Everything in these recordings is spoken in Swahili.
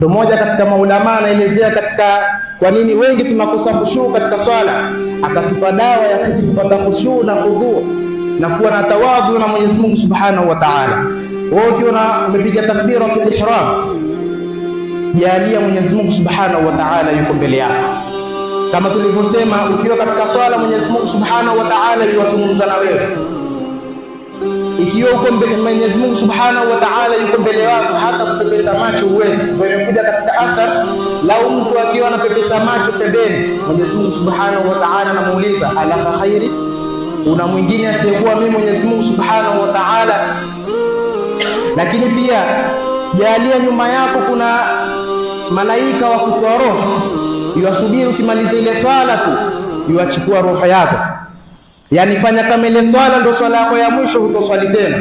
ndo mmoja katika maulamaa anaelezea katika kwa nini wengi tunakosa khushuu katika swala, akatupa dawa ya sisi kupata khushuu na khudhuu na kuwa na tawadhu na Mwenyezi Mungu Subhanahu wa Ta'ala. Wewe ukiona umepiga takbiratul ihram, jalia Mwenyezi Mungu Subhanahu wa Ta'ala yuko mbele yako. Kama tulivyosema, ukiwa katika swala Mwenyezi Mungu Subhanahu wa Ta'ala yuwazungumza na wewe ikiwa uko Mwenyezi Mungu Subhanahu wa Ta'ala yuko mbele yako, hata kupepesa macho Kwa hiyo kuja katika athar, lau mtu akiwa anapepesa macho pembeni, Mwenyezi Mungu Subhanahu wa Ta'ala anamuuliza alaka khairi, kuna mwingine asiyekuwa mimi Mwenyezi Mungu Subhanahu wa Ta'ala? Lakini pia jalia nyuma yako kuna malaika wa kutoa roho, iwasubiri. Ukimaliza ile swala tu iwachukua roho yako. Yani fanya kama ile swala ndo swala yako ya mwisho, hutoswali tena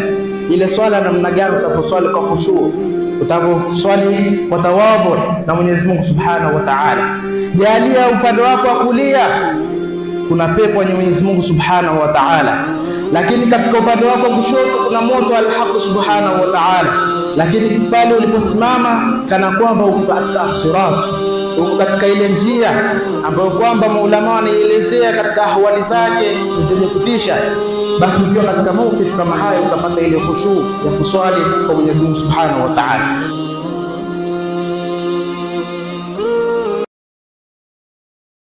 ile swala. Namna gani? Utavoswali kwa khushuu, utavoswali kwa tawadhu na Mwenyezi Mungu Subhanahu wa Ta'ala. Jalia upande wako wa kulia kuna pepo ya Mwenyezi Mungu Subhanahu wa Ta'ala, lakini katika upande wako wa kushoto kuna moto al-haq Subhanahu wa Ta'ala, lakini pale uliposimama kana kwamba ukata katika Tuko katika ile njia ambayo kwamba maulama wanaielezea katika ahwali zake zenye kutisha. Basi ukiwa katika maukifu kama hayo, utapata ile khushu ya kuswali kwa Mwenyezi Mungu Subhanahu wa Ta'ala.